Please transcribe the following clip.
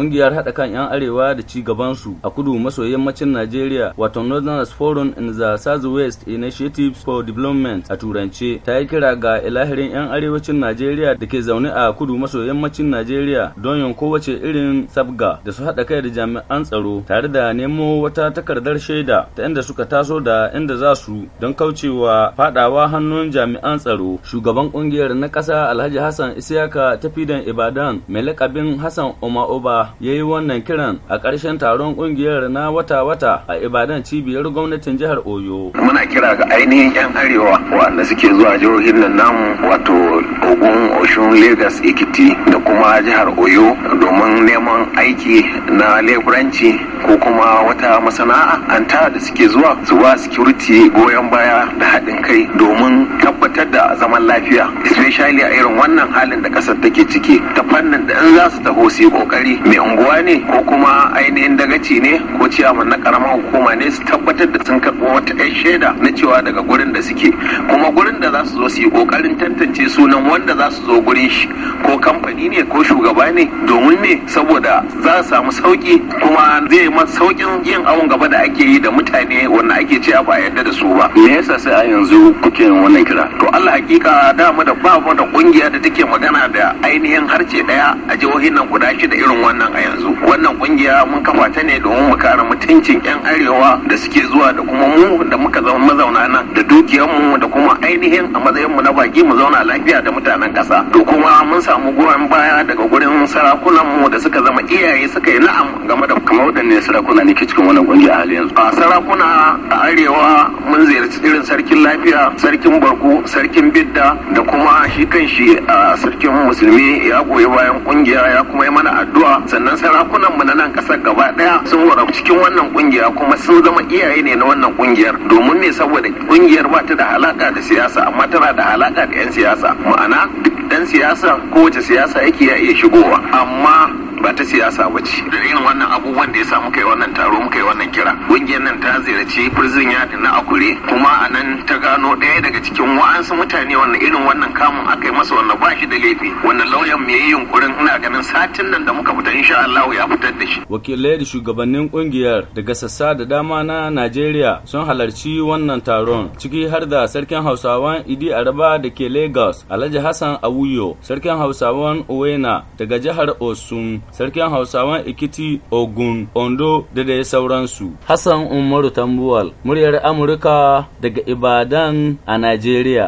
Ƙungiyar haɗa kan 'yan Arewa da ci gabansu a kudu maso yammacin Najeriya wato Northerners Forum in the Southwest Initiatives for Development a Turance ta yi kira ga ilahirin 'yan Arewacin Najeriya da ke zaune a kudu maso yammacin Najeriya don yin kowace irin sabga da su haɗa kai da jami'an tsaro tare da nemo wata takardar shaida ta inda suka taso da inda za su don kaucewa faɗawa hannun jami'an tsaro. Shugaban ƙungiyar na ƙasa Alhaji Hassan Isiyaka ta fidan Ibadan mai lakabin Hassan Omaoba. Oba Yayi wannan kiran a ƙarshen taron ƙungiyar na wata-wata a Ibadan cibiyar gwamnatin jihar Oyo. Muna kira ga ainihin 'yan Arewa wanda suke zuwa jihohin nan namu wato Ogun, Oshun, Lagos, Ekiti da kuma jihar Oyo domin neman aiki na leburanci ko kuma wata masana'a masana'anta da suke zuwa su ba security goyon baya da haɗin kai domin tabbatar da zaman lafiya especially a irin wannan halin da ƙasar take ciki ta fannin da in za su taho su yi ƙoƙari mai unguwa ne ko kuma ainihin dagaci ne ko ciyaman na karamar hukuma ne su tabbatar da sun karɓo wata 'yan shaida na cewa daga gurin da suke kuma gurin da za su zo su yi ƙoƙarin tantance sunan wanda za su zo gurin shi ko kamfani ne ko shugaba ne domin ne saboda za a samu sauƙi kuma zai ma sauƙin yin awon gaba da ake yi da mutane wanda ake ce ba yarda da su ba me yasa sai a yanzu kuke yin wannan kira to Allah hakika da mu da ba mu da kungiya da take magana da ainihin harce daya a jihohin nan guda shida irin wannan a yanzu wannan kungiya mun kafa ta ne domin mu kare mutuncin yan arewa da suke zuwa da kuma mu da muka zama mazauna nan da dukiyarmu da kuma ainihin a matsayin mu na baki mu zauna lafiya da mutanen kasa to kuma mun samu goyon baya daga gurin sarakunan mu da suka zama iyaye suka yi na'am game da kamar waɗanne sarakuna ne ke cikin wannan kungiya hali yanzu a sarakuna a arewa mun ziyarci irin sarkin lafiya sarkin barku sarkin bidda da kuma shi kan shi a sarkin musulmi ya goyi bayan kungiya ya kuma yi mana addu'a sannan sarakunan mu na nan ƙasar gaba ɗaya sun wara cikin wannan kungiya kuma sun zama iyaye ne na wannan ƙungiyar domin ne saboda ƙungiyar ba ta da alaka da siyasa amma tana da alaka da yan siyasa ma'ana ɗan siyasa kowace siyasa yake ya iya shigowa amma ba ta siyasa ba ce da irin wannan abubuwan da ya samu kai wannan taro muka yi wannan kira ƙungiyar nan ta ziyarci prison yard na akure kuma a nan ta hannu ɗaya daga cikin wa'ansu mutane wanda irin wannan kamun aka yi masa wanda ba shi da laifi wanda lauyan mai yi yunkurin ina ganin satin nan da muka fita insha Allah ya fitar da shi wakilai da shugabannin kungiyar daga sassa da dama na Najeriya sun halarci wannan taron ciki har da sarkin Hausawan Idi Araba da ke Lagos Alhaji Hassan Awuyo sarkin Hausawan Owena daga jihar Osun sarkin Hausawan Ikiti Ogun Ondo da dai sauransu Hassan Umaru Tambuwal muryar Amurka daga Ibadan hakan a Najeriya.